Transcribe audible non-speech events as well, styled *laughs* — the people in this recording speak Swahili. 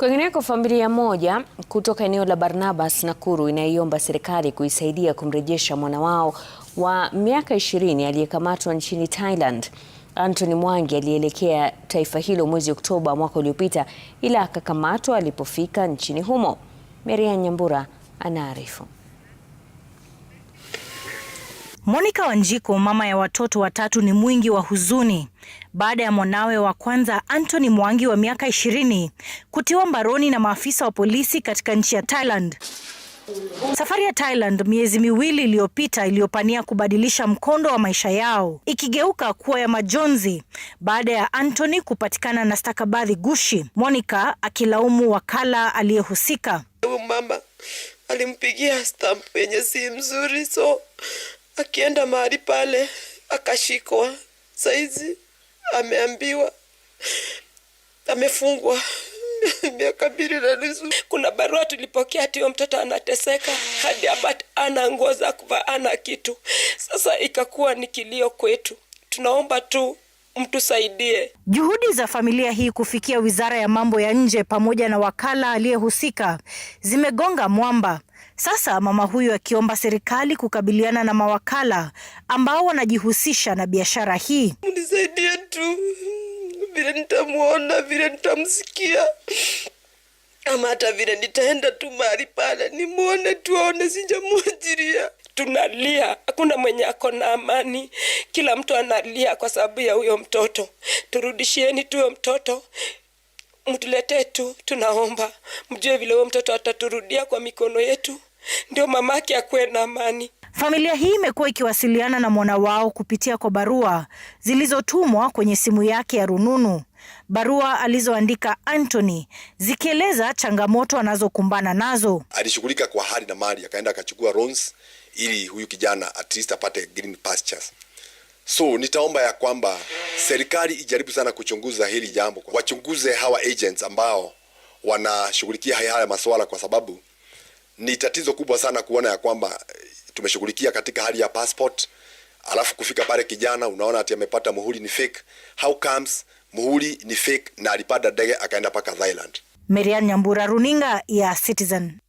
Kwingineko, familia moja kutoka eneo la Barnabas Nakuru inaiomba serikali kuisaidia kumrejesha mwana wao wa miaka ishirini aliyekamatwa nchini Thailand. Anthony Mwangi alielekea taifa hilo mwezi Oktoba mwaka uliopita, ila akakamatwa alipofika nchini humo. Marian Nyambura anaarifu. Monica Wanjiku, mama ya watoto watatu, ni mwingi wa huzuni baada ya mwanawe wa kwanza Anthony Mwangi wa miaka ishirini kutiwa mbaroni na maafisa wa polisi katika nchi ya Thailand. Safari ya Thailand miezi miwili iliyopita iliyopania kubadilisha mkondo wa maisha yao ikigeuka kuwa ya majonzi baada ya Anthony kupatikana na stakabadhi gushi, Monica akilaumu wakala aliyehusika. Mama alimpigia stamp yenye si mzuri so akienda mahali pale akashikwa, saizi ameambiwa amefungwa *laughs* miaka mbili na nusu. Kuna barua tulipokea ati mtoto anateseka hadi abat ana nguo za kuvaa, ana kitu. Sasa ikakuwa ni kilio kwetu, tunaomba tu mtusaidie. Juhudi za familia hii kufikia wizara ya mambo ya nje pamoja na wakala aliyehusika zimegonga mwamba. Sasa mama huyu akiomba serikali kukabiliana na mawakala ambao wanajihusisha na biashara hii. Mnisaidie tu vile nitamwona, vile nitamsikia, ama hata vile nitaenda tu mahali pale nimwone tu, aone sijamwajiria tunalia, hakuna mwenye ako na amani, kila mtu analia kwa sababu ya huyo mtoto. Turudishieni tu huyo mtoto, mtuletee tu, tunaomba mjue vile huyo mtoto ataturudia kwa mikono yetu, ndio mamake akuwe na amani. Familia hii imekuwa ikiwasiliana na mwana wao kupitia kwa barua zilizotumwa kwenye simu yake ya rununu, barua alizoandika Anthony zikieleza changamoto anazokumbana nazo. Alishughulika kwa hali na mali, akaenda akachukua loans ili huyu kijana at least apate green pastures. So nitaomba ya kwamba serikali ijaribu sana kuchunguza hili jambo, wachunguze hawa agents ambao wanashughulikia haya masuala, kwa sababu ni tatizo kubwa sana kuona ya kwamba tumeshughulikia katika hali ya passport, alafu kufika pale kijana unaona ati amepata muhuri ni fake. How comes muhuri ni fake na alipanda ndege akaenda paka Thailand? Marian Nyambura, runinga ya Citizen.